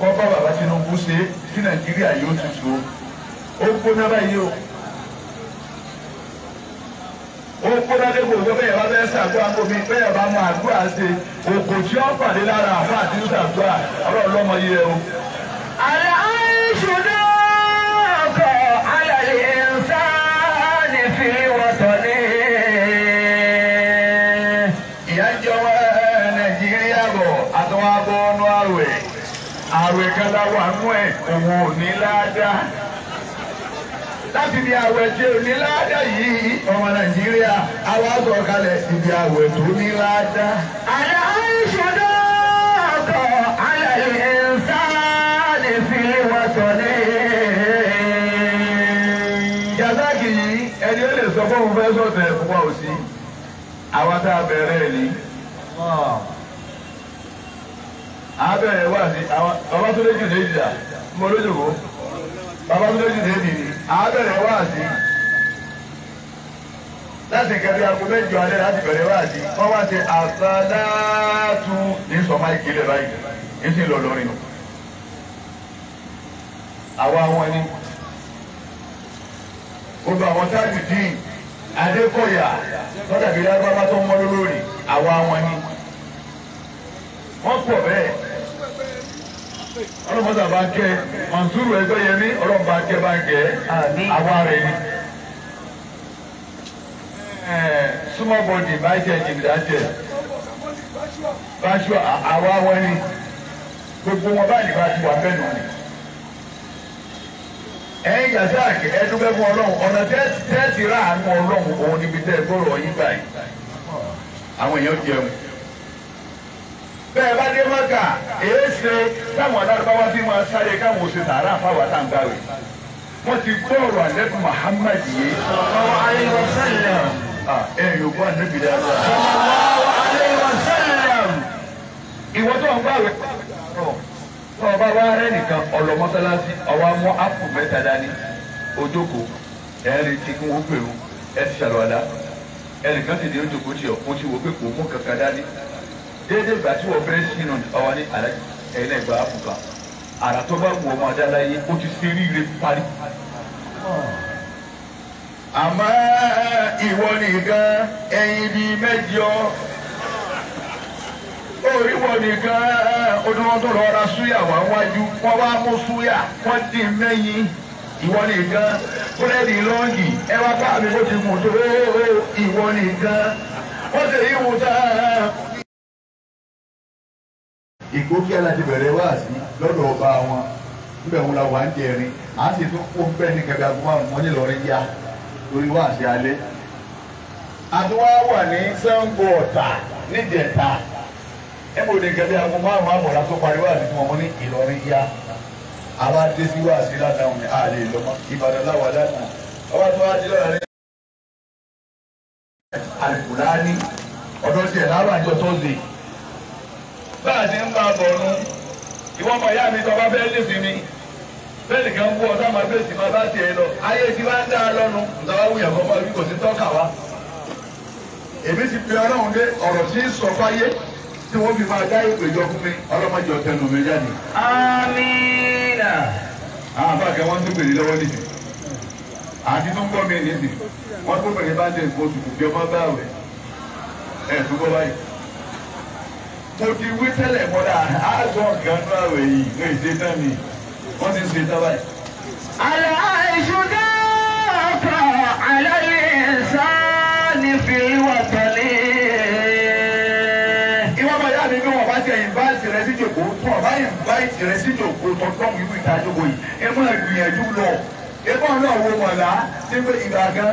kọ́ bá bàbá Tinubu ṣe kí Nàìjíríà yóò tutù ó gbóná báyìí o ó gbóná lẹ́kọ̀ọ́ pé bẹ́ẹ̀ bá bẹ́ẹ̀ ṣàdúrà kó mi bẹ́ẹ̀ bá mọ àdúrà ṣe òkò tí ó pàdé lára àfa àti ṣàdúrà ọlọ́ọ̀lọ́mọ yẹ o. kan la wà nú ẹ̀ òun ò ní ládàá láti di àwẹ̀ tí ò ní ládàá yìí ọmọ nàìjíríà àwa sọ̀kalẹ̀ ibi àwẹ̀ tó ní ládàá. àlẹ́ àìṣòdò ọ̀tọ̀ alẹ́ ìsáàlì fi wọ́tọ̀ ní. yàtàkì yìí ẹni ó lè sọ fóun fẹ́ sọ̀tẹ̀ fún wa ò sí àwa tá a bẹ̀rẹ̀ ni abẹ́rẹ́ wà ní Babátúndé Jùdé ìdìdà mo lójúkó Babátúndé Jùdé ìdìdì abẹ́rẹ́ wà sí láti kẹbi aago mẹ́jọ alẹ́ láti bẹ̀rẹ̀ wá sí wọn wá sí àsálàtú ní sọmá ìkílẹ báyìí ní sì lọ lọrin o àwa wọn ni gbogbo àwọn táàbù dín adékọ̀yà tọ́jà bíi lágbára tó ń mọ́ lórí àwa wọn ni wọ́n pọ̀ bẹ́ẹ̀ ọlọ́mọdà bá kẹ́ Mansuru Ẹgbẹ́yẹmí ọlọ́mọba kẹ́ bá gẹ́ àwa rẹ̀ ni. súnmọ́ bọ̀dì bá jẹ jìbìdá jẹ báṣọ àwa wọn ni gbogbo wọn báyìí bá ti wà bẹ́ẹ̀ nù ẹ̀yin yasak ẹdúgbẹ fún Ọlọ́run ọ̀nà tẹ́ẹ̀tì rà àánú Ọlọ́run òun níbi tẹ́ẹ̀ gbọ́rọ̀ yín báyìí àwọn èèyàn jẹun bẹ́ẹ̀ bá dé mọ́kà èé ṣe táwọn alárúbáwá bí máa sáré káwọn oṣù tààrà fáwọn àtàǹgbáwé wọ́n ti gbọ́ ọ̀rọ̀ àlẹ́kùn Muhammad yìí. sallallahu alaihi wasallam. ẹ yóò gbọ́ ànábì dáadáa. sallallahu alaihi wasallam. ìwọ tó ń gbàwé tó ọba wa rẹ nìkan ọlọmọsálásí ọwọ amọ apò mẹ́ta dání ojoko ẹ ń retí kí wọn gbèrú ẹ ti ṣàlùwàlá ẹnìkan ti di ojoko tiọ mo ti wò pé kò mú kankan dání déédéé ìgbà tí wọ́n fẹ́ sínú ọwọ́ ní ẹ̀yìn náà ìgbà áfùkà àrà tó bá wù ọmọ adá láyé ó ti ṣe ríire parí. àmọ́ ìwọ nìkan ẹyin bíi mẹ́jọ orí wọn nìkan oníwọ́ntò lọ súyà wá wájú wọ́n wá mú súyà wọ́n dì mẹ́yìn ìwọ nìkan búrẹ́dì lọ́ọ̀gì ẹ wá bá mi bó ti mú tó ìwọ nìkan wọ́n sì yí wù tá ìgbókí aláti bẹ̀rẹ̀ wá sí lọ́dọ̀ ọba wọn níbẹ̀ wọn la wà ń jẹrin à ń sì tún kó bẹ́ẹ̀ ní kẹ̀kẹ́ àgbo márùn wọn ní lọ́rin yá torí wá sí alẹ́. àdúrà wà ní Ṣàngó Ọ̀tà níjẹ̀ta ẹ mọ̀ ní kẹ̀kẹ́ àgbo márùn àbọ̀lá tó parí wá sí wọn ní Ìlọrin yá àwa dé sí wá sí lánàá òní àlè lọ́mọ Ìbàdàn láwà lánàá ọba tó wá sí lọ́la ní. àlùkò láání ọ̀dọ́ bá a ń bá a bọ̀ nu ìyá mi tọ́ bá fẹ́ lè mi bẹ́ẹ̀ nìkan wú ọ̀tá máa fèsì máa bá tiẹ̀ lọ ayé tí wá ń dá a lọ́nu ìtawá wúyà kọ́ máa kò sí tọ́ka wa èmi ti pe ọlọ́run dé ọ̀rọ̀ tí ń sọ fáyé tí wọ́n fi máa dá ìpèjọ fún mi ọlọ́mọdé ọ̀tẹ̀ nù mí jáde. amiina. àbá kẹ wọn tún bèrè lọ́wọ́ nìyí àti tó gbọ́ mi nìyí wọn tún bèrè bá ń tẹ kò jẹ ọmọ báwẹ ẹ tó gbọ́ báyìí mo ti wí tẹ́lẹ̀ mọ́dà àjọ ọ̀gá yìí ní èdè náà ni wọ́n ti ṣe tọ́ báyìí. àlà ìṣúná ọkọ̀ àlàyé sáàni fi wà tọ́lé. ìwọ́n bá yá mi bí wọ́n bá jẹ ìbáàtì rẹ sí jòkó tó ọ̀bá ìbáàtì rẹ sí jòkó tọ́tọ́ mi wí ìta jòkó yìí ẹ máa lọ ẹ máa náà wo mọ̀lá nígbà ìgbà kan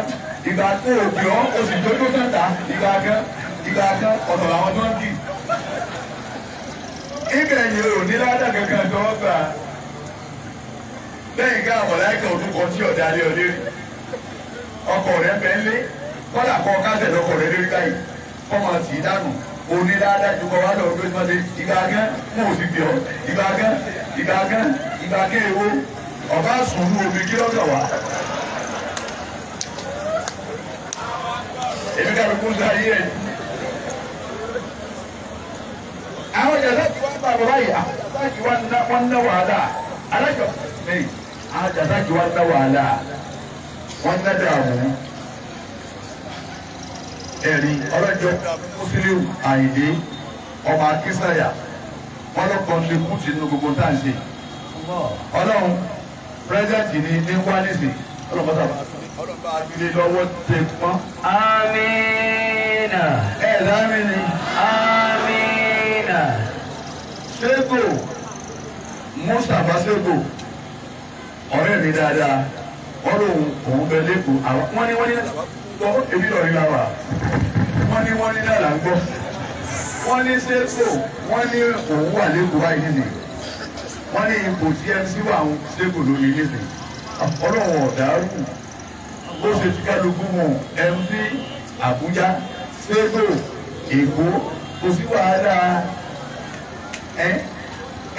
ìgbà kan òbí ọ́ oṣù tó tó tẹ̀ta ìgbà kan ìgbà kan ọ̀dọ̀ làwọn tó ń kì ibẹ̀ ni o ní ládàá kankan tó wọ́n gbà lẹ́yìn ká àwọn láìka tí ọ̀dà lé ọ ọkọ rẹ bẹ́ẹ̀ lé kọ́là kọ́ kásẹ̀ lọ́kọ̀ rẹ lérí báyìí kọ́ máa dànù òní dáadáa ju kọ́wá lọ lórí mọ́tẹ́ ìgbà gán mú òsì bì ọ́ ìgbà gán ìgbà gán ìgbà gán èwo ọ̀bá omi kí lọ́kàn wá. èmi kàbí kúndà yí ẹ̀ àwọn èèyàn láti wá gba bàbá yìí àjàdájì wá ná wàhálà alájọ mi àjàdájì wá ná wàhálà wọn ná dààmú ẹ̀rí ọlọ́jọ́ mùsùlùm àyìndé ọmọ akísáyà wọn lọ kọ́ ní kùtì nínú gbogbo tá ọlọ́run pírẹ́sẹ̀ntì ni ní wálìsì ọlọ́mọdé ọlọ́mọdé àbílẹ̀ lọ́wọ́ tẹ̀ pọ́n. amiina. ẹ lámì ni. amiina. Sego Mustapha Sego ọ̀rẹ́ mi dáadáa wọ́n lò òun bẹ lẹ́kọ̀ọ́ àwọn wọ́n ní wọ́n ní gbọ́ ebi lọ rí làwà wọ́n ní wọ́n ní náà là ń gbọ́ wọ́n ní Sego wọ́n ní òun wà lẹ́kọ̀ọ́ báyìí nìyí wọ́n ní ipò tí mc wà ń Sego lórí nísìnyí ọlọ́run ọ̀dàrú ó ṣe ti kálukú mu mc Àbújá Sego Èkó kò sí wàhálà ẹ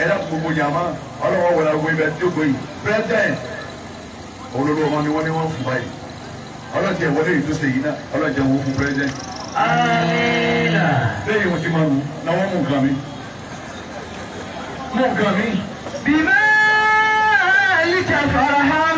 ẹ dá gbogbo jàmá ọlọ́wọ́ wọlé àwọn ibẹ̀ tí ó gbé yìí president olóró wọn ni wọ́n ní wọ́n fún báyìí ọlọ́jẹ̀ wọlé yìí tó ṣe yìí náà ọlọ́jẹ̀ wọ́n fún president. amiina. lẹ́yìn wọn ti máa wù náà wọ́n mú nǹkan mi mú nǹkan mi. bíbẹ́ àlìkà fara hàn.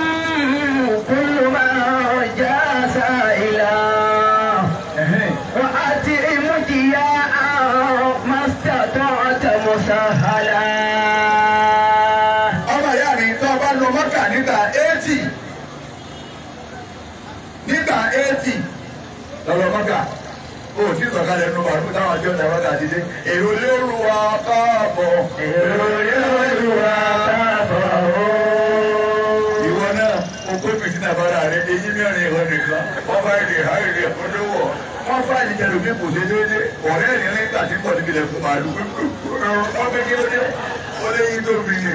wọnú mọ́kà níta eighty níta eighty lọ́wọ́ mọ́kà kò sí sọ̀kalẹ̀ nínú wàhálà táwọn àjọ ìjàmbá tà ti dé èrò lérò wa káàbọ̀ èrò lérò wa káàbọ̀ ìwọ náà o pé pìtínà bára rẹ èyí mẹ́rin ìwọ nìkan wọ́n bá ilé ha ilé olówó wọ́n fà ní kẹlò bí kò dé déédé ọ̀rẹ́ ìrìn ní tàbí pọ̀ níbi ilẹ̀ fún màálù wọ́n kí ó dé ó lé yín tó bìnnì.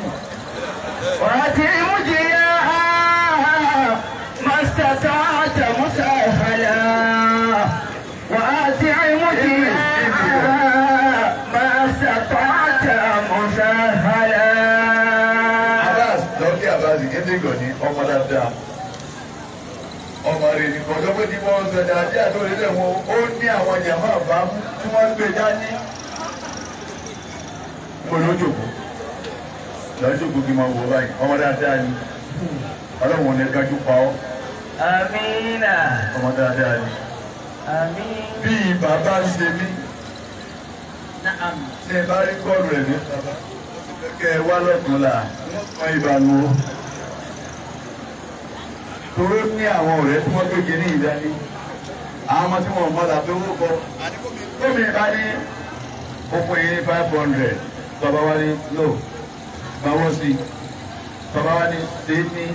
Adégàn ní ọmọ dáadáa ọmọ rẹ̀ ní bọ̀dọ̀ tí wọ́n sọ dáadé àtòrílẹ̀ wọn ó ní àwọn jàmá àbámú tí wọ́n gbé dání olójòkó lọ́jọ́kó kí n máa wọ báyìí ọmọ dáadáa ni ọlọ́run ní kájú pa ọ́. amínà. ọmọ dáadáa ni. bí bàbá ṣe mí. ṣe bá rí kọ́ọ̀lù rẹ̀ kẹ́ ẹ wá lọ́kùnrin là ń pọn ìbànú toró ní àwọn ọ̀rẹ́ tí wọ́n gbége ní ìdání àwọn ọmọ tí wọ́n mọ́ta tó wó kọ́ tómi bá ní okùn yìí ní five hundred bàbá wa ní no bàbá sí bàbá wa ní ṣe ní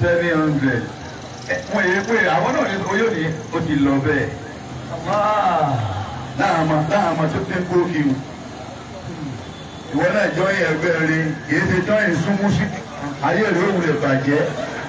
seven hundred wọ́n yẹ pé àwọn náà ní oyún ní o ti lọ bẹ́ẹ̀ láàmà láàmà tó ti ń kó kí o ìwọ náà jọ yẹ ẹgbẹ́ rẹ kì í ṣe jọ ìsúnmú sí ayé rẹ òun lè bàjẹ́.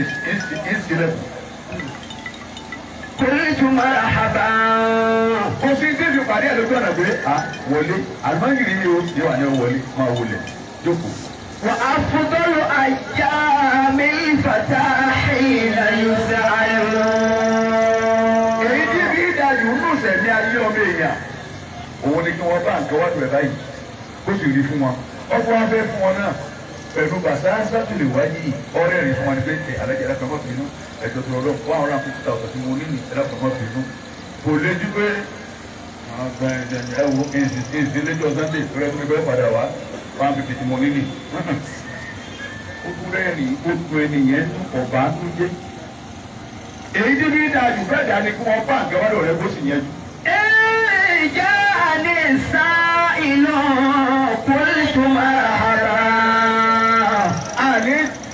ìsìlẹ̀. kùnìtù máa hàbà kò sí débi pàdé ẹ̀ lójú ọ̀nà pé à wọlé àlùmọ́nìrì yìí ó yẹ wà ní wọlé máa wọlé jókòó. wà á fọdọ́rọ̀ àyà mi fàtà ìlà yóò ṣe àìrọ̀. èyí tí bí ìdájú ń lù sẹ̀mí ayé ọmọ èèyàn òun ni kí wọ́n bá nǹkan wá pẹ̀ báyìí kó sì rí fún wọn ọkọ̀ wọn fẹ́ fún wọn náà pẹ̀lú bàtàṣà tó lè wáyé ọ̀rẹ́ rẹ̀ fún wa ní pẹ́ntẹ̀ alájà ẹ̀dàkọ̀mọ́ bínú ẹ̀jọ̀ tó lọ́dọ̀ one hundred and fifty thousand tí mo ní ní ẹ̀dàkọ̀mọ́ bínú kò léjú pé ẹ wo ẹ̀sìn lẹ́jọ́ sunday tó rẹ̀ fún mi bẹ́ẹ̀ padà wá one fifty tí mo ní ní ó tún rẹ́ẹ̀rì ó tún ẹnìyẹn ọ̀bá tó jẹ́ èyí tí bí dájú fẹ́ dà ní kí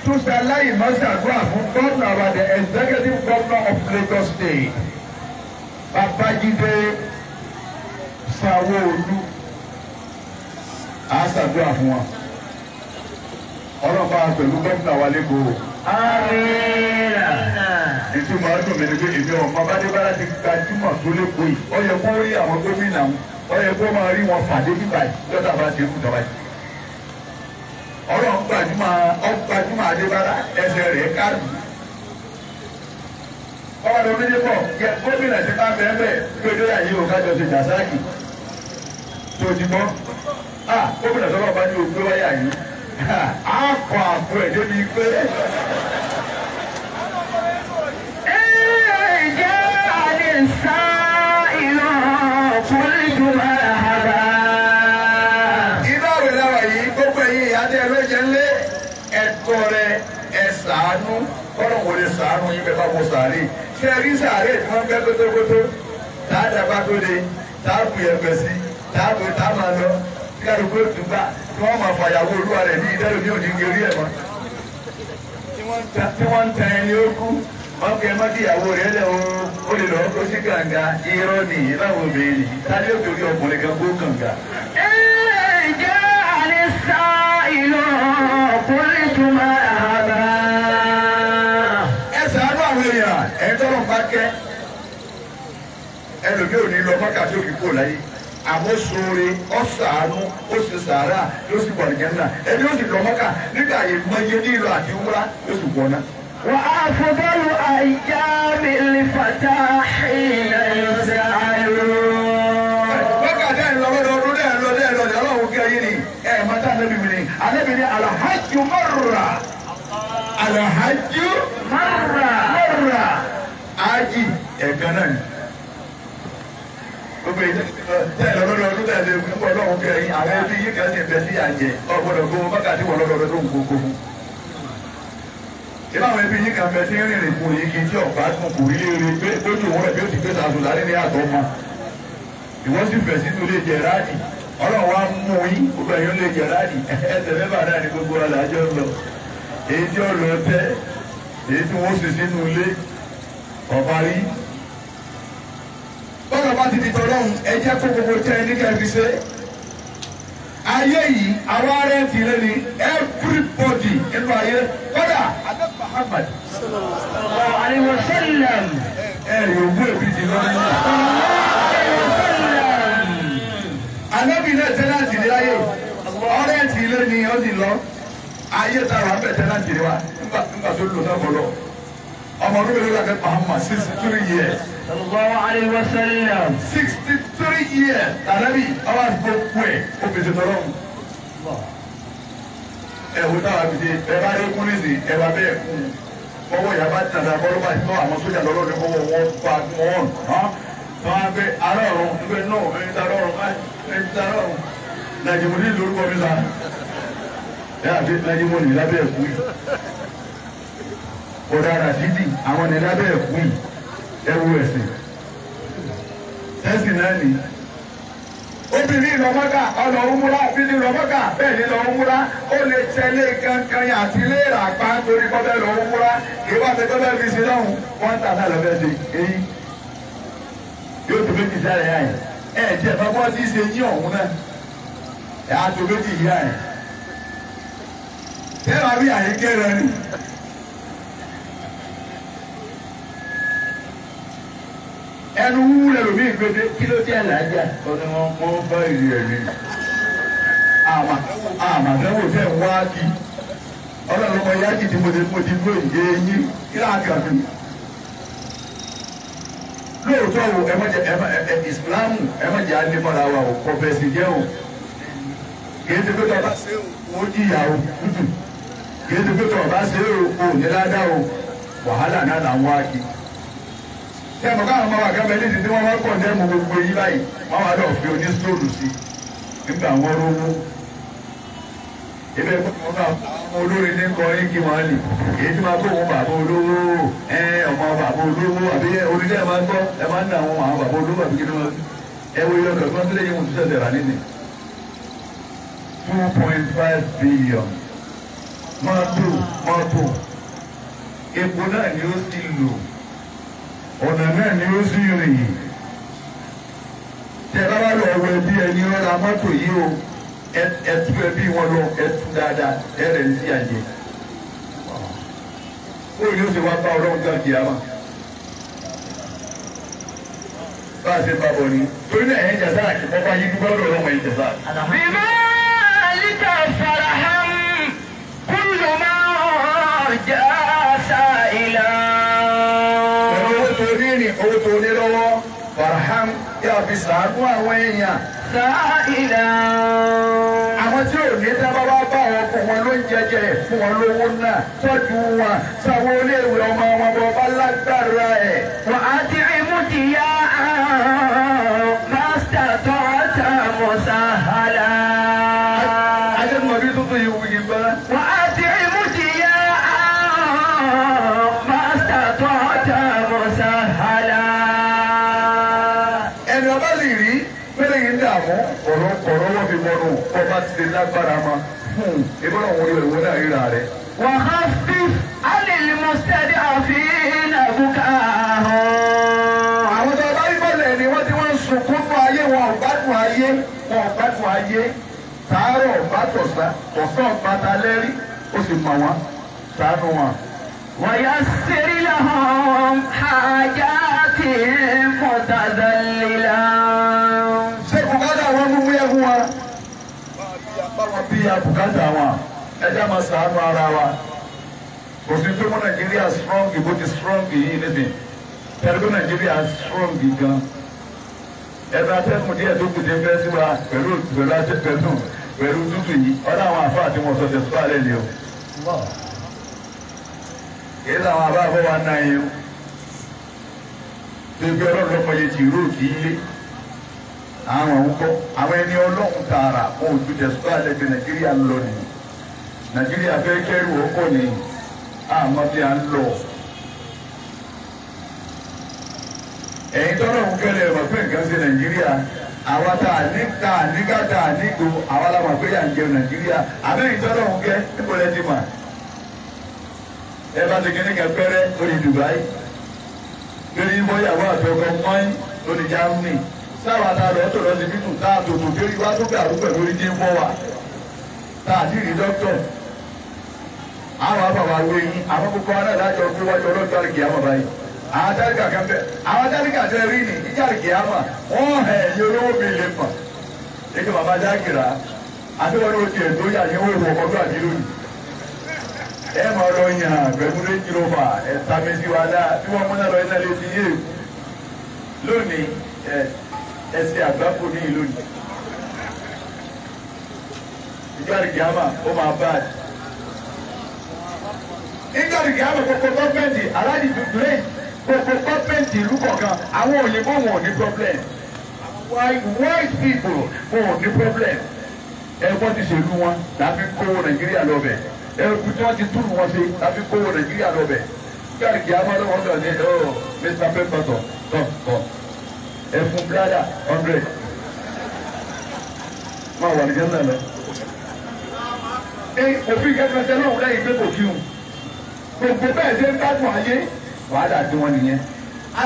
To túnṣe aláìmọ́sàdúrà fún gómìnà wa the executive governor of Lagos state Babájídé Sanwó-Olú àṣàdúrà fún wa ọlọ́pàá pẹ̀lú gómìnà wa lẹ́kọ̀ọ́. ìtumọ̀ ọdún mi ni pé èmi ọmọ bádébára ti gbajúmọ̀ tó lẹ́kọ̀ọ́ yìí ó yẹ kó rí àwọn gómìnà ó yẹ kó máa rí wọn pàdé bíbáyìí lọ́dọ̀ àbájẹ́ kùtà báyìí ọlọ́run gbajúmọ̀ ọgbajúmọ̀ adébára ẹsẹ̀ rẹ̀ kárù. ọ̀rọ̀ mi yẹ gómìnà ti bá bẹ́ẹ̀ bẹ́ẹ̀ gbẹdẹ àyè òkájọ ti dàsáàkì tó ti mọ́ a gómìnà sọ́kọ̀ bá ní ògbé wáyà yìí a kọ àpò ẹ̀ débi pé. ẹ ẹ jẹ́ àdìsá. sàárùn yín bẹ́ẹ̀ bá wo sàárè ṣé rí sàárè tí wọ́n gbẹ́ kótókótó tá a dàgbà tó le tá a kù yẹ̀pẹ̀ sí tá a kù tá a máa lọ kí kálukú tó gbà kí wọ́n máa fàyàwó olúwa rẹ̀ ní ìdẹ́rù ní òní gẹ̀rí ẹ̀ mọ́. tí wọ́n ń tan ẹni ó kú ọkẹ mọ́kìyàwó rẹ̀ lẹ̀ o ó lè lọ ó sí kànga irọ́ nìyí láwọn obìnrin tálẹ́ òkèèrè ọkùnrin kan gbó kànga. ẹ àlẹ́ sá ìlú ọkùnrin dákẹ́ ẹlòmíì ò ní lọ mọ́kà tí ó fi kó láyé àmọ́ sóore ọ̀sàánú ó sì sàárà ló sì wọ̀ nìyẹn náà ẹni ó sì lọ mọ́kà nígbà yẹn mọ iye ní ìlú àti wúrà ó sì wọ̀ náà. wà á fọdọ́lù àyà mi lè fàtà ìlà ìlọsẹ̀ àlọ́. mọ́kà dẹ́ ńlọrọ́dọ́dún dẹ́ ńlọ dẹ́ ńlọ dẹ́ ọlọ́run kí ẹyin ni ẹ̀ mọ́tà alẹ́bìnrin alẹ́bìnrin alahajumọ́ra alahajumọ́ra ájì ẹ̀kan náà ni gbogbo ìjẹ́ tẹ́ ẹ̀rọ lọ́dọ̀ ọdún tẹ̀lé púpọ̀ lọ́hùn kẹrin àwọn ẹbí yìí kan sì bẹ sí àjẹ ọgbọ́dọ̀ gbogbo wákàtí wọ̀ lọ́dọ̀ ọdún tó ń gbogbo fún. ìbáwọn ẹbí yìí kan bẹ sí rìnrìn kù yìí kì í tí ọ̀gá tún kù ilé rẹ pé lójú òun rẹ̀ bí ó ti gbé sàtò lárí ní àtọ́ mọ́. ìwọ́n sì fẹ̀ sínú ilé jẹ ráàdì ọlọ́run wa mú yín ni gbogbo alájọ lọ èyí tí ó lọ tẹ́ èyí tí ọ̀parí. bọ́lá bá ti di tọ́lọ́hún ẹ jẹ́ kó gbogbo tẹ ẹ ní kẹfì ṣe. ayé yìí àwọn ará ẹ̀fì rẹ ni everybody nínú ayé kódà adé Muhammad. sallallahu alaihi wasallam. ẹ ẹ yóò gbé èmi di lọ́wọ́. anábì náà tẹ́ láti rí ayé ọ̀rẹ́ ẹ̀fì rẹ ni ó ti lọ ayé tá a wà ń bẹ̀ tẹ́ láti rí wa nígbà tó lò náà bọ̀ lọ ọmọ mi lórí àti Muhammad sixty three years. Sallallahu alayhi wa sallam. sixty three years ànábì ọba àti gbogbo ẹ̀ obìnrin tọ̀rọ̀ mu. ẹ wo táwa fi dé ẹ bá rí kúlìsì ẹ bá bẹ́ẹ̀ kú ọwọ́ ìyá bá tàdá bọ́lú bá tọ́ àwọn sójà lọ́rọ́ ní ọwọ́ wọn bá wọn hàn wọn á gbé ará ọ̀run níbẹ̀ náà ẹni tá lọ́rùn ẹni tá lọ́rùn Nàìjíríà lórúkọ mi la ẹ àti Nàìjíríà lábẹ́ ẹ̀kú yìí bọ̀dá rashidi àwọn ẹ̀dá bẹ́ẹ̀ kú yìí ẹ̀wù ẹ̀sìn ẹ̀sìn náà ni obìnrin lọ́mọ́gà ọ̀nà òmùra obìnrin lọ́mọ́gà bẹ́ẹ̀ ni lọ́ òmùra ó lè tẹ́lẹ̀ kankan yà àti ilé ìràpá torí kọ́ bẹ́ẹ̀ lọ́ òmùra kìí wá tẹ́tọ́ bẹ́ẹ̀ fi ṣe lọ́hùn wọ́n tà náà lọ́bẹ̀ ṣe èyí yóò tó méjì sára yà yìí ẹ̀ jẹ́ bàbá ọtí ṣe yí ọ̀hún náà ẹ̀ á tó méjì yà yìí. tẹ́lá bí àyíkẹ́ rẹ ni. ẹnu wú lẹ́lòmí ìgbéde kí ló dé àlàájá ọdún wọn mọ bá ìlú ní. àmàdáwò fẹ́ wá kí ọlọ́run ọmọ yájì tí mo ti ti gbó ìyé yín kí láà kà mí. lóòótọ́ o ẹ má jẹ ẹ ìsìlámù ẹ má jẹ wa o kò jẹ́ o kìí ti pẹ́tọ̀ bá ṣe o jìyà o kìí ti pẹ́tọ̀ bá ṣe o kò ní ládàá o wàhálà náà là ń wá kí ṣé ẹ̀mọ́ káwọn ọmọ àgbà bẹ́ẹ̀ léde tí wọ́n máa pọ̀ ní ẹ̀mọ́ gbogbo yìí báyìí wọ́n wá lọ́ọ́ fi oní stóòlù sí nígbà wọn rówó. ibẹ̀ gbọ́dọ̀ bá ọmọ olórin ní kọ igi wọn lì èyí tí máa bóun bàbá olówó ẹ ọmọ bàbá olówó àbí orílẹ̀ máa gbọ́ ẹ máa ń dà àwọn àwọn bàbá olówó àbí kíni ẹ wo ilé ọkọ̀ tó lẹ́yìn òtútù ẹ̀sẹ̀ rà nínú billion mọ́tò mọ́tò epo náà ni ó ti lò ọ̀nà náà ni ó sì rìn yìí tẹ bá bá lọ wọ ẹbí ẹni ó ra mọ́tò yìí o ẹtú ẹbí wọn lọ ẹtú dáadáa ẹrẹ ń sí àjẹ ó yóò ṣe wá bá ọlọ́run tó àjẹ àmà bá a ṣe bá bọ̀ ni torí náà ẹ̀yìn jàdá àti bọ́bá yìí dúpẹ́ lọ́dọ̀ ọlọ́run ẹ̀yìn jàdá. bíbá àlítà farahàn kúlùmọ́ ọ̀jà sáà. kí a fi sàánú àwọn èèyàn. sáàìlà. àwọn tí ò ní dábàá wá bá wọn fún wọn ló ń jẹjẹ fún wọn lówó náà tọ́jú wọn sanwó iléèwé ọmọ wọn bọ́ bá lágbára ẹ̀. wà á ti rí mú ti yá. ẹni ọba sì rí pélé yìí ń dààmú ọ̀rọ̀ ọ̀rọ̀ wọ́n fi mọ́nu ọba ti lágbára ma ìbọn hmm. àwọn olùwẹ̀ ìwọ náà ríra rẹ. wàhálà fi alẹ́ lè mọ sẹ́ẹ̀dì àfihàn àbúkà àwọn tó bá rí bọ́ọ̀lù ẹni wọ́n ti wọ́n ń sunkún fún ayé wọn ò gbádùn ayé wọn ò gbádùn ayé sàárọ̀ ọ̀bá tọ̀sán ọ̀sán ọ̀bá talẹ́rí ó sì mọ̀ wọn sàánú wọn. ويسر لهم حاجاتهم متذللا ṣé bùkátà wọn mú múyẹ fún wa báwọn bí i àbùkátà wọn ẹjẹ máa sàánú ara wa òfin tó mú nàìjíríà strong bó ti strong yìí níbi tẹlifí nàìjíríà strong gan ẹnu atẹ́kùn díẹ̀ tó kù dé fẹ́ sí wa pẹ̀lú pẹ̀lú atẹ́kùn pẹ̀lú tútù yìí ọ̀dọ̀ àwọn àfáà tí wọ́n sọ tẹ̀síwá lẹ́lẹ́ o kìí sàwọn abáfọ́ wa náà yẹn o tẹbi ọlọ́run lọ́pọ̀ yẹn ti rú òkì ilé àwọn òun kọ́ àwọn ẹni ọlọ́run tààrà wọn ò ju tẹ̀sùkọ́ nàìjíríà ń lọ nìyí nàìjíríà fẹ́ kẹ́rù ọkọ̀ nìyí àmọ́ bí a ń lọ. ẹ̀yin tọ́lọ́run kẹlẹ̀ ẹ̀rọ pé nǹkan ṣe nàìjíríà àwa tá a ní tá a ní ká tá a ní go àwa la mọ̀ pé yà ń jẹun nàìjíríà àbẹ́yìn tọ́lọ́run kẹ́ níbo lẹ́ ẹ bá ti kíní kan pẹ́rẹ́ ó di Dubai lórí bóyáwó àtọkọ mọ́ín ó di Germany táwa ta lọ tó lọ sí bíbù tá a tòtò tó rí wá tó bẹ̀ àrùn pẹ̀lú oríṣi fọ́ wa tá a ti rí dókítọ̀ àwọn àbàwà wé yín àwọn kókó wọn náà lájọ pé wájú ọlọ́jọ́ àrùn kìá mọ̀ báyìí àwọn tálíkà kan bẹ àwọn tálíkà tẹ rí ni ìjà àrùn kìá mọ̀ wọ́n hẹ̀ olówó mi lè mọ̀ èyí bàbá dákìrà àti wọn ló tiẹ̀ tó yà ní owó ìwọ̀kọ́ tó àdírò yìí ẹ máa lọ yàn pẹ̀lú Range Rover ẹ̀ta méjì wà láà bí wọ́n múná lọ iná lè fi yé èkó lónìí ẹ ẹ ṣe àgbákò ní ìlú ni ìjọ àdìgíámà ó máa bá a ìjọ àdìgíámà kókó gọ́ọ̀mẹ̀ntì aláàjì dùdúrẹ́ kókó gọ́ọ̀mẹ̀ntì ìlú kọ̀ọ̀kan àwọn òyìnbó wọn ò ní problem white people wọn ò ní problem ẹ wọ́n ti ṣèlú wọn làbí kó Nàìjíríà lọ bẹ̀ ẹrù tí wọ́n ti túrù wọn ṣe àfi kówó nàìjíríà lọ bẹ̀ káàdì kìá máa lọ́wọ́ sọ̀rọ̀ ní ọ̀ mr pemberton tọ̀ tọ̀ ẹ̀fún brada hundred máa wà nìjẹ́ náà lọ. ẹ òfin kẹfẹ tẹ náà lẹ́yìn pé kò kíhun gbogbo bẹ́ẹ̀ ṣe ń gbádùn ayé wàhálà tí wọ́n nìyẹn.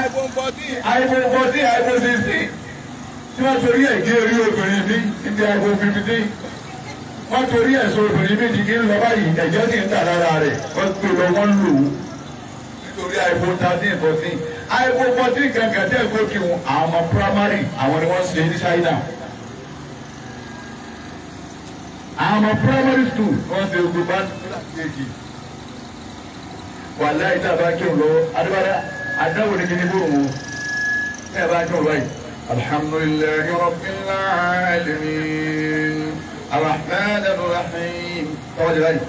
iphone fourteen iphone fourteen iphone sixteen tí wọ́n torí ẹ̀ gé orí obìnrin ní ibi iphone fifteen wọ́n torí ẹ̀sùn obìnrin méjì kí ń lọ báyìí ẹ̀jẹ̀ sì ń tà lára rẹ̀ wọ́n gbé lọ wọ́n lò ó nítorí àìbò thirteen fourteen àìbò fourteen kankan tẹ́ ẹ̀kọ́ kí wọn àwọn ọmọ primary àwọn ni wọ́n ṣe ní China àwọn ọmọ primary school wọ́n ṣe ogun bá kéèkì wàhálà ìtàbá kí wọn lọ adébáyà adáwò ni kí ni bó wọn ẹ bá kí wọn lọ yìí alhamdulilayi rabbil alamin. الرحمن الرحيم قول لي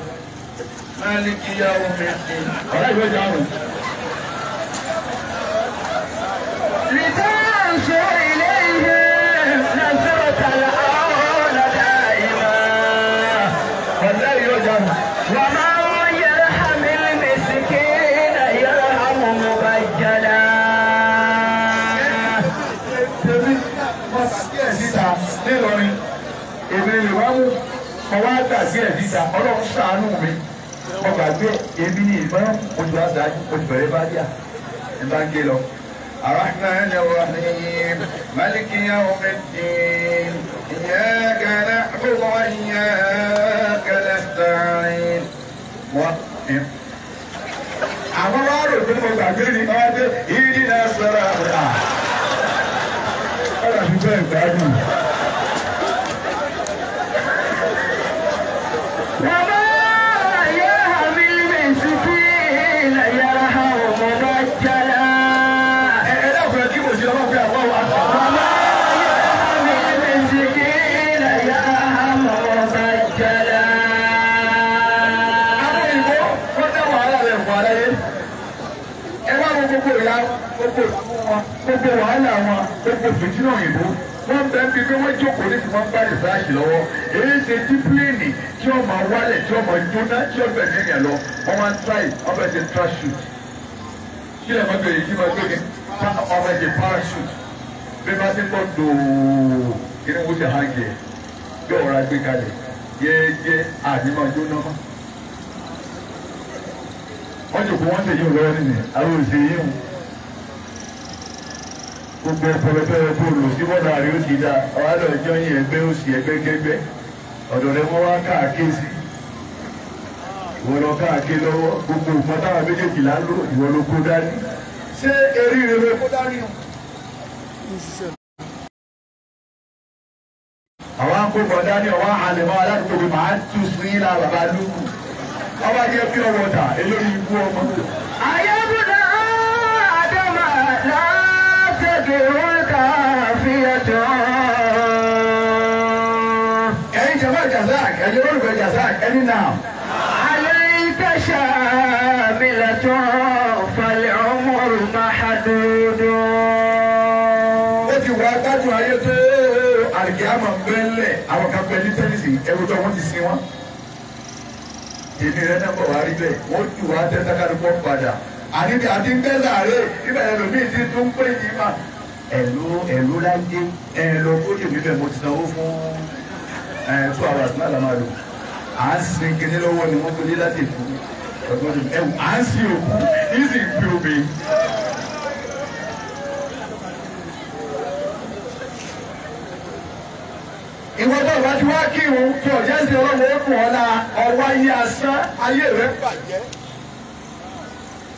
مالك يوم الدين gbàgbé ẹ̀ síta ọlọ́run ṣàánú mi mo gbàgbé ebi ní ìmọ̀ mo ti wá bẹ̀rẹ̀ bá díà ẹ̀ bá ń gé lọ. الرحمن الرحيم ملك يوم الدين إياك نعبد وإياك نستعين وقف àwọn wá rò pé mo gbàgbé ni ọ dé ìdí náà sọ̀rọ̀ àbúrò. ọ̀rọ̀ mi bẹ́ẹ̀ gbádùn. gbogbo ìlú wọn gbogbo wàhálà wọn gbogbo fìtínà òyìnbó wọ́n bẹ́ẹ̀ bí bí wọ́n jókòó ní tiwọn bá rìsáàsì lọ́wọ́ èyí ṣe tí pílẹ́ẹ̀nì tí wọ́n máa wálẹ̀ tí wọ́n máa jóná tí wọ́n bẹ̀ nìyẹn lọ wọ́n máa ń tíráì wọ́n bẹ̀ ṣe trashut kí lè má bẹ̀rẹ̀ yìí kí máa gbé ní wọ́n bẹ̀ ṣe parachut bí wọ́n ti kọ́ dòó inú wo ṣe hàn jẹ bí ọ̀rọ̀ agbé kalẹ̀ yẹ́ẹ́jẹ́ àdìmọ̀ jóná mọ́ wọ́n jókòó wọ́n ṣe yí gbogbo ọpọlọpẹ bóòlù tí bọ́dà rí ó ti dá ọ̀hádọ̀ ẹjọ́ yìí ẹgbẹ́ òsì ẹgbẹ́gbẹ́gbẹ́ ọ̀dọ̀ rẹ wọ́n wá káàkiri ìwọ lọ káàkiri lọ́wọ́ gbogbo nǹkan táwọn méjèèjì là ń lò ìwọ ló kó dání ṣé eré rẹ ló kó dání o. àwọn akókò dání ọwọ́ àlèmọ́ aládùúgbò mi máa ń tù sí ìlà bàbá lúkù ọba jẹ́ pure water eléyìí ikú ọmọ. عليك شاملة فالعمر محدود. ó ti wá dájú ayé tó àlìkíyàmọ̀ bẹ́lẹ̀ àwọn kan bẹ ní tẹ́lifí ẹrú tó wọ́n ti sin wọn. èmi rẹ náà bọ̀ wá rí bẹ́ẹ̀ wọ́n ti wá tẹ́tàkàdúgbò padà. àní bí a ti ń bẹ́ sàárè nígbà yẹn lómi ti tún pé yìí máa ẹ̀lú ẹ̀lú ládé ẹ lọ kóde níbẹ̀ mo ti sanwó fún ẹ two hours náà máa lò à ń sin kinní lọ́wọ́ ni wọ́n fẹ́lẹ́ láti èkó ẹ̀gbọ́n mi à ń sin òkú yìí sì gbé omi. ìwọ tó bá ti wá kírun tó ọjà sí ọlọ́wọ́ ó kùn ọwọ́ ayé asán ayé rẹ̀ bàjẹ́.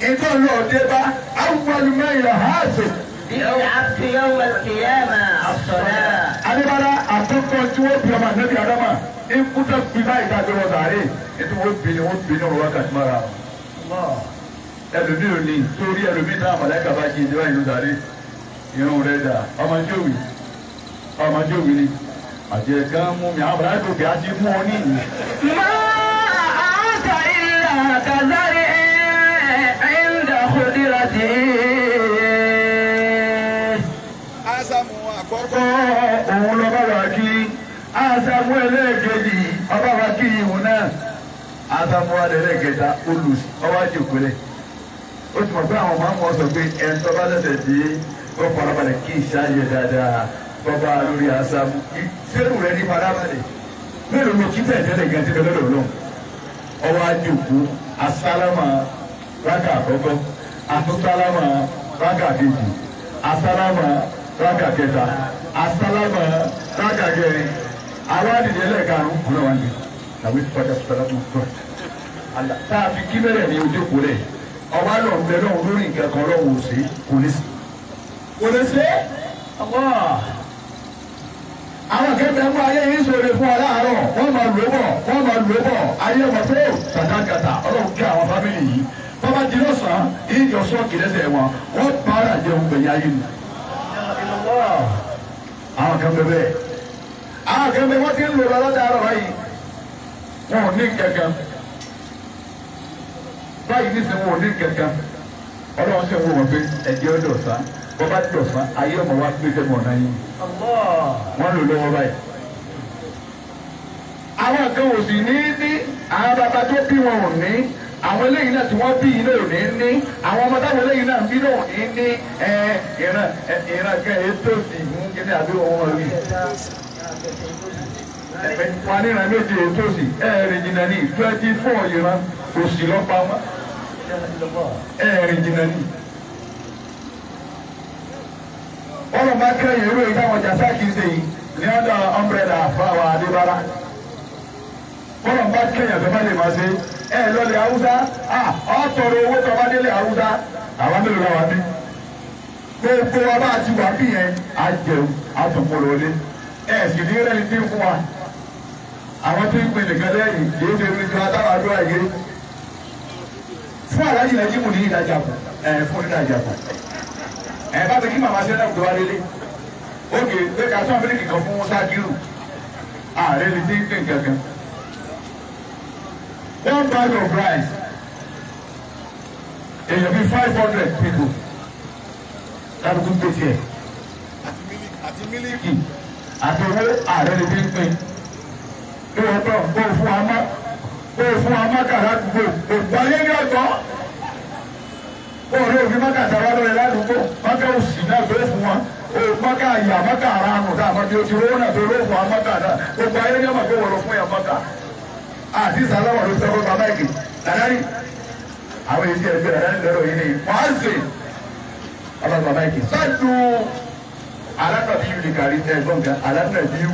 ìtọ́lù ọ̀dẹ́ bá awùwalùmọ̀ ìyá hàásù. Yóò àfi yóò wẹ̀ kìyàmà àsọ̀dá. Adébálá àkókò tí wọ́n bí ọmọ àgbẹ̀bí Adama ikúta bí báyìí ká gbé wọn sàárè ètò wọ́n bí ni wọ́n bí ní ọ̀rọ̀ wákàtí mara. Ẹlòmí ò ní torí ẹlòmí náà màláìka bá jí ìdíwá ìlú sàárè. Irun rẹ̀ dà ọmọ Jówi ọmọ Jówi ni àjẹká mú mi àwọn àbúrò àti mú ọ ní ìlú. Má a sọ ìlà kàzáre. kẹta mú wa lẹ́lẹ́ kẹta olù ọwájú kulẹ̀ ó ti mọ̀ pé àwọn máa ń mọ̀ sọ pé ẹni tó bá lẹ́sẹ̀ tí ó farabalẹ̀ kí ìṣáájú dáadáa bọ́ba lórí asámú sẹ́rù rẹ̀ ní farabalẹ̀ mélòó ló kí tẹ̀tẹ̀lẹ̀ gẹ̀ẹ́tì lọ́dọ̀ náà ọwájú kú asálámà rákà àkọ́kọ́ àtúntálámà rákà kejì asálámà rákà kẹta asálámà rákà kẹrin awádìí lẹ́lẹ́ka àrùn kúrò wáyé. Now we put up the tá a fi kí bẹ̀rẹ̀ ní ojókòó rẹ̀ ọba lọ bẹ lọ́hùn lórí nǹkan kan lọ́hùn òsè kò lè sí. kò lè sí. àwọn kẹta mú ayé yìí sọ̀rọ̀ fún ọ láàárọ̀ wọ́n máa lò bọ̀ wọ́n máa lò bọ̀ ayé wọn tó tàdágàtà ọlọ́run kí àwọn fámìlì yìí bàbá di lọ́sàn-án ìjọ sọ́ọ̀kì lẹ́sẹ̀ wọn wọ́n bára jẹun gbẹ̀yìn ayé mi. àwọn kan bẹ bẹ́ẹ̀ àwọn kan bẹ wọ́n ti ń lò lọ́dọ̀ àárọ̀ báyìí wọn ò ní kẹ̀kẹ́ báyìí nísìnyí wọn ò ní kankan ọlọ́run sì wọ́n pé ẹ̀jẹ̀ ọdọ̀ ọ̀sán bọ́bá dì ọ̀sán ayé ọmọ wa pé dẹ́mọ̀ náà yín wọ́n lò lọ́wọ́ báyìí. àwọn kan ò sì ní ní àwọn bàbá tó bí wọn ò ní àwọn eléyìí náà tí wọ́n bí yìí náà ò ní ní àwọn ọmọ táwọn eléyìí náà bí náà ò ní ní ìran ìran kan ètò ìdìbò kíní àbí wọn rí wọn ìran méje ètò ìdìbò ẹ̀ẹ́dẹ̀jìnà ní twenty four ìran. òsì lọ́pàá ẹ̀rìn jìnnà ní. wọ́n bá kẹ́yìn irú èyí ọ jàsá kì í ṣe yìí ní ọ̀dọ̀ ọ fáwọn adébára. wọ́n bá kẹ́yìn àtọ́fà lè máa ṣe ẹ̀ lọ́lẹ̀ haúsá ọ̀tọ̀rọ̀ owó tọ́ba délé ọ àwọn mélòó làwọn bí. gbogbo wa a ti wà bí fún wa. àwọn tí ń nìkan lẹ́yìn táwọn yìí fún aláàjì lẹ́yìn mú ní ìdájà kù ẹ fún ìdájà kù ẹ bá ti kí màmá ṣe náà gbọ́ alẹ́lẹ́ oge pé ká tún abẹ́rẹ́ kíkan fún sákìrù ààrẹ lè ti ń pè kankan. one bag of rice èèyàn bíi five hundred people kálukú gbé tiẹ̀ àti mílíkì àti owó ààrẹ lè ti ń pè é. ìwọ̀n náà kó fún wa mọ́ kó o fún wa mákàrà àdúgbò ògbà yé ní ọ̀tọ̀ kó o rí òfin mákàtà wa lọ́rẹ̀ ládùúgbò mákà òsì náà tó fún wa mákà àyà mákà ara àmù tá a máa bí o ti rówó náà tó ló fún wa mákà náà ògbà yé ní ọmọ kó wọ̀ lọ fún yà mákà àti sàlámà ló sọ fún bàbá ìgè dàdárí àwọn èyí ẹgbẹ́ dàdárí lọ́rọ̀ yìí ni wàásì ọlọ́run bàbá ìgè sáàdù alánàbíyù nìkàrí ẹgbọ́n kan alánàbíyù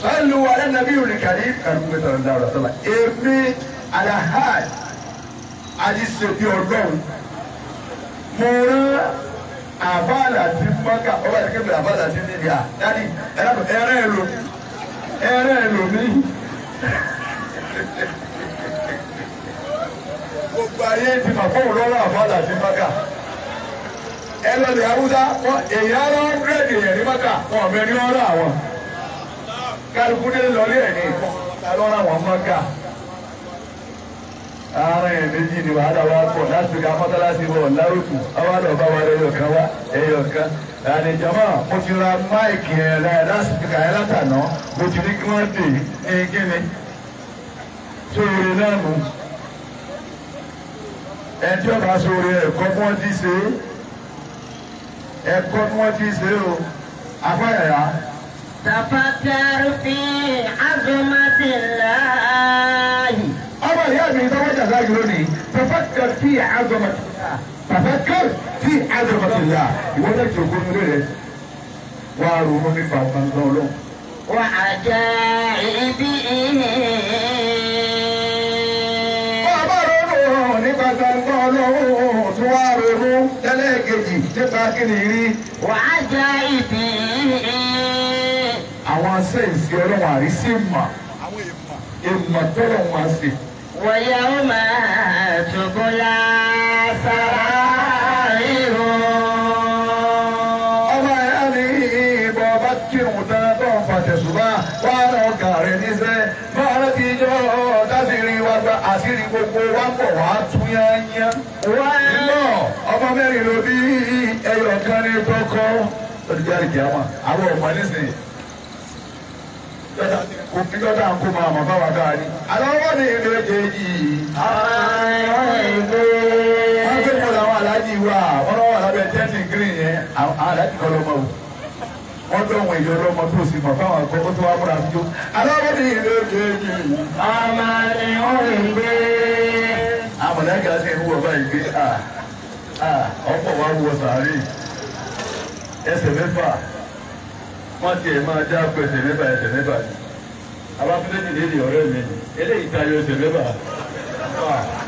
sọ́ọ́lù wa lẹ́nu nàbí olùkàrí kàrúgbé sọ̀rọ̀ dá ọ̀rọ̀ sọ́la èmi alahaj alisebi ọlọ́run mo rán àbáàlà tí mọ́kà ọba ìdíkẹ́ bẹ̀rẹ̀ àbáàlà tí níbi à dáàdi ẹ̀rẹ́ ẹ̀rọ ẹ̀rẹ́ ẹ̀rọ mi. gbogbo ayé ti mà fún òlọ́rọ̀ àbáàlà tí mọ́kà ẹ lọ lè haúsá èèyàn rán rẹ́ẹ̀dì èèyàn ní mọ́kà wọn ò mẹ́rin ọ̀rọ̀ àwọn kálukú dé lọlé ẹ̀ ní alọ́ra wọn mọ́ ká ara ẹ̀ méjì ni wàhálà wa pọ̀ láti ká mọ́tálásí bọ̀ lárúkù awádọ̀ bá wa ẹyọ kan wá ẹyọ kan àdìjọ́mọ́ mo ti ra máìkì ẹ̀ láti ká ẹ látàná mo ti ní kí wọ́n dè é kí ni sóore náà nù ẹtí ọba sóore ẹ̀kọ́ kí ti ṣe é ẹ̀kọ́ kí wọ́n ti ṣe é o afọ ẹ̀yà tafakar fi azumatillah. ọmọ ìyá mi ìtọ́wọ́ jàdá yìí lónìí tafakar fi azumatillah tafakar fi azumatillah ìwọ náà ti ògbómi lóore wà á ronú nípa ọ̀gá ńlá ọlọ́run. wà á jẹ́ ibi ìhè. bàbá ronú nípa ọ̀gá ńlá ọlọ́run wà ronú tẹ́lẹ̀ kejì nípa kí wà á jẹ́ ibi ìhè àwọn asẹ́ ìsí ọlọ́run àrísí ìmọ̀ ìmọ̀ tọ́lọ̀ wọn àṣẹ. wọ̀yẹ̀ ó máa tògùn la sára ríro. ọmọ ẹ̀yà ni ìbọn bá kírun tán tó ń fàtẹ̀sùbá wà á rán ọkà rẹ̀ níṣẹ́ máa rántí ijó dábìrì wa gba àṣírí gbogbo wa pọ̀ wá tún yányá. wọ́n ọmọ mẹ́rin ló bí ẹyọ kan ní tọkọ. olùdarí kìá wọn àwọn ọmọ nísìnyí òbí lọ́dọ̀ àkó máa mọ̀ báwa dáa ni. àlọ́wọ́ ni ìlú èdè yìí. wọ́n fi kọ́ làwọn aláàjì wa wọ́n lọ́wọ́ alábẹ́ tẹ́ǹtì green yẹn aláàjì kọ́ lọ́mọ o. wọ́n tó wọn èyí ọlọ́mọ tó sì mọ̀ báwa gbọ́ ó tó wá múra sí o. àlọ́wọ́ ni ìlú èdè yìí. àmà ni ó ń gbé. àmọ̀lẹ́kẹ̀ láti ẹ̀kú wọ̀ báyìí gbé ọ̀pọ̀ wa wọ sàárè ẹsẹ̀ mẹ́fà wọ́n ti ẹ̀ máa já pẹ̀sẹ̀ mẹ́fà ẹsẹ̀ mẹ́fà yìí abáfúndé ti léde ọ̀rẹ́ mi eléyìí tayọ ọ̀sẹ̀ mẹ́fà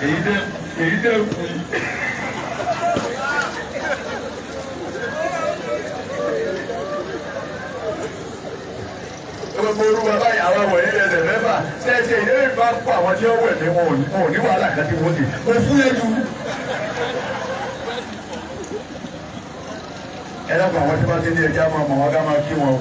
èyí tẹ èyí tẹ kù í. gbogbo olúwa báyìí àwọn wọ̀nyí ẹsẹ̀ mẹ́fà ṣẹ́ẹ̀ṣẹ̀ ìdílé ìfà kó àwọn tí ó wẹ̀ mí wọn ò ní wàhálà kan tí wọ́n ti mo fún yẹn jù. ẹ dábàá àwọn tí wọ́n ti ní ẹja máa mọ̀ wọ́n ká máa kí wọn o.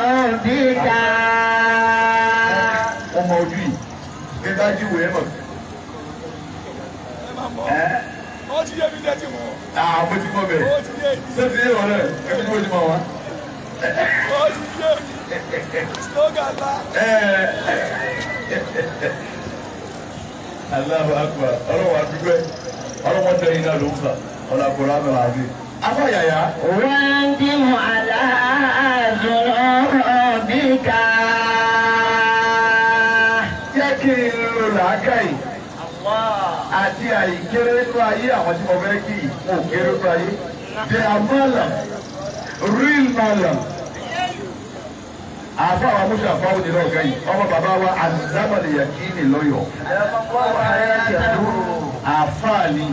ó ti yé mi lẹ́tí mọ́. àwọn mo ti mọ bẹ́ẹ̀ ṣé ti yé wọn rẹ̀ kí ni mo ti mọ wa. ó ti yé mi slogan la. Allahu akbar ọlọ́wọ́ àdúgbò ẹ̀ ọlọ́wọ́ tẹ iná ló ń fà ọ̀nà àkùrọ̀ àmì àbí. afọ yàyà. wọ́n ń dìmọ̀ àlá àdúrà. àìkéré nínú ayé àwọn tí mo fẹ́ kí mo kéré nínú ayé they are malam real malam àfa àwọn amúṣe àfáwò ní lọ́ọ̀gá yìí ọmọ bàbá wa àdámọ̀lẹ̀ yàkínì lọ́yọ̀ àfa ni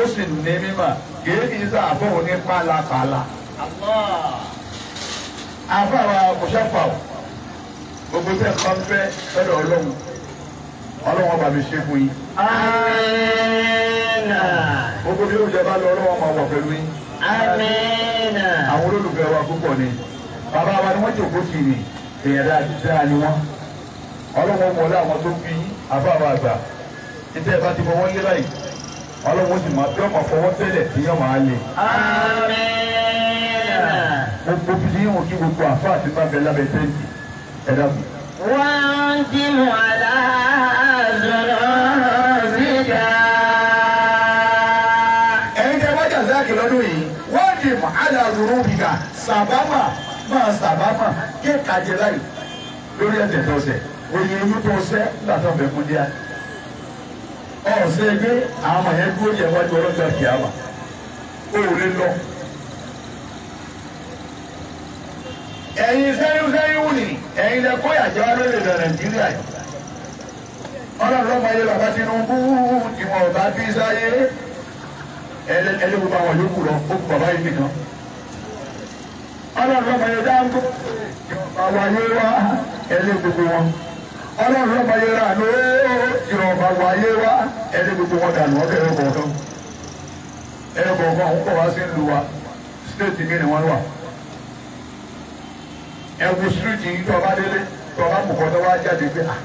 ó sì ní mímà kéèkì sá àbọ̀wò ní pálapàla àfa àwọn amúṣe àfáwò gbogbo tẹ̀ ń bá ọlọ́run ọlọ́wọ́n bá mi ṣe fún yín. amínà. gbogbo bí oúnjẹ bá lọ ọlọ́wọ́n máa wà pẹ̀lú yín. amínà. àwọn olólùfẹ́ wa púpọ̀ ni bàbá wa ni wọ́n jòkó sí mi èèyàn dáadáa ni wọ́n ọlọ́wọ́n mọ̀ láwọn tó fi àbáwọ̀ àgbà títẹ́ ẹ bá ti fọwọ́ lé báyìí ọlọ́wọ́n sì máa fẹ́ ọmọ fọwọ́ tẹ́lẹ̀ tí yóò máa lè. amínà. gbogbo bí yín kí gbogbo àfáà ti máa bẹ lábẹ́ tẹ́ǹtì ẹ̀dá kù. وانتم على ذنوبها ẹni tẹ wájà záàkì sàbámà máa sàbámà kí kàjẹ láì lórí ẹ̀jẹ̀ tó ṣẹ̀ òye eyín tó ṣẹ́ látọ̀ bẹ̀ kú díà ọ̀sẹ̀ gbé àwọn ẹ̀dúró yẹ wájú ọlọ́jà kìá wà ẹ̀yin sẹ́yìn sẹ́yìn wù ní ẹ̀yin lẹ kó yàjẹ́ wa lórí ilẹ̀ nàìjíríà yìí ọlọ́run lọ́mọ ayé bàbá Tinubu tí wọn ò bá bí sáyé ẹlẹ́gbẹ̀ẹ́ bá wọn yókù lọ ó kú bàbá yìí nìkan ọlọ́run lọ́mọ ayé dáńgó bàbá ayé wa ẹlẹ́gbẹ̀ẹ́ wọn ọlọ́run lọ́mọ ayé rà ló bàbá ayé wa ẹlẹ́gbẹ̀ẹ́ wọn dànù ọkẹ́ ẹ̀rọ kọ̀ọ̀kan ẹ̀rọ kọ̀ọ̀kan òun kọ̀ wá sí ìlú wa stéètì mi ni wọ́n wà. ẹ̀wù síríìtì yìí tọ́ba délé tọ́ba mọ̀kọ́ tọ́ba jáde pé tá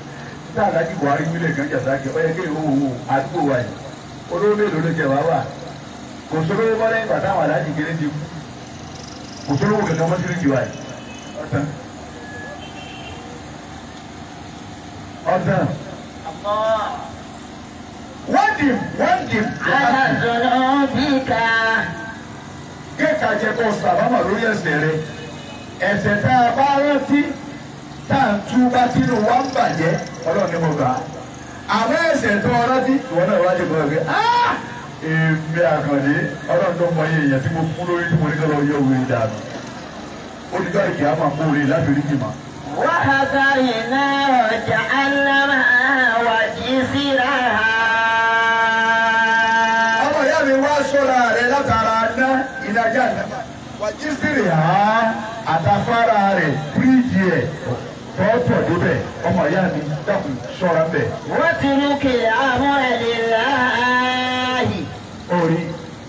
Àlàájì Buhari wílẹ̀ gan jàdá jẹ ọyẹ kéèyàn ó wò àdúgbò wa yìí olówó mélòó ló jẹ wá wà kò sówó mọ́ lẹ́yìn bàtà àwọn aláàjì kéré ti kú kò sówó wò kankan mọ́ síríìtì wa yìí ọ̀tàn ọ̀tàn. ẹ̀ṣẹ̀ tá a bá rántí tá à ń tú bá tínú wá ń bàjẹ́ ọlọ́run ní mo gbà á àmọ́ ẹ̀ṣẹ̀ tó ọ rántí ìwọ náà wájú kan rẹ̀ áá àkàndé ọlọ́run tó mọ iye èèyàn tí mo kú lórí tí mo ní kọ́ lọ yẹ òwe dànù ó ti gbá ìkẹ́ àmọ́ àpò rè láti rí jìmọ̀. wàhálà iná ọjà alámà wà jí síra. ọmọ ìyá mi wá sọ́ra rẹ̀ látara ná ìdájà náà wà jí síra àtàfàrà rẹ̀ bíríìjì ẹ̀ tọ́tọ̀ débẹ̀ ọmọ ìyá mi dàkún ṣọ́ra bẹ̀. wọ́n ti mú kí àwọn ẹ̀lẹ́ láàyè. orí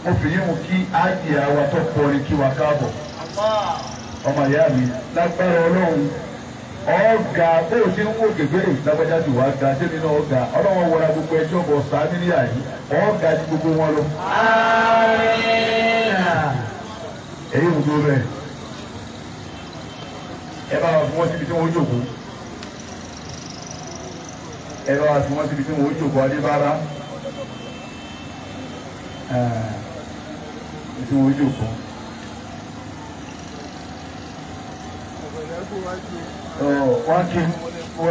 mo fi yín mu kí ájì àwa tó kọrin kí wa káàbọ̀. ọmọ ìyá mi lágbára ọlọ́run ọ̀gá bó o ti ń wò gègé ìdágbájá ti wá ga sẹ́ni náà ọ̀gá ọlọ́run wọra gbogbo ẹjọ́ bọ̀ sáámi ní àyè ọ̀gá ju gbogbo wọn lọ. èyí ò tó bẹ́ẹ̀ ẹ bá wa fi wọ́n síbi tí wọ́n jòkó ẹ bá wa fi wọ́n síbi tí wọ́n jòkó adébára tí wọ́n jòkó. wọ́n kí wọ́n kú.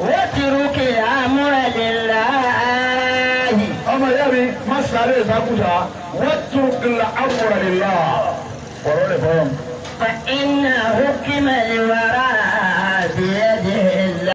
واترك sáré ìsàkúsà wọ́tú ilà amúra lè la ọ̀rọ̀ rẹ̀ fọ́ọ̀mù. fa iná hókìmẹ̀ lè wàrà.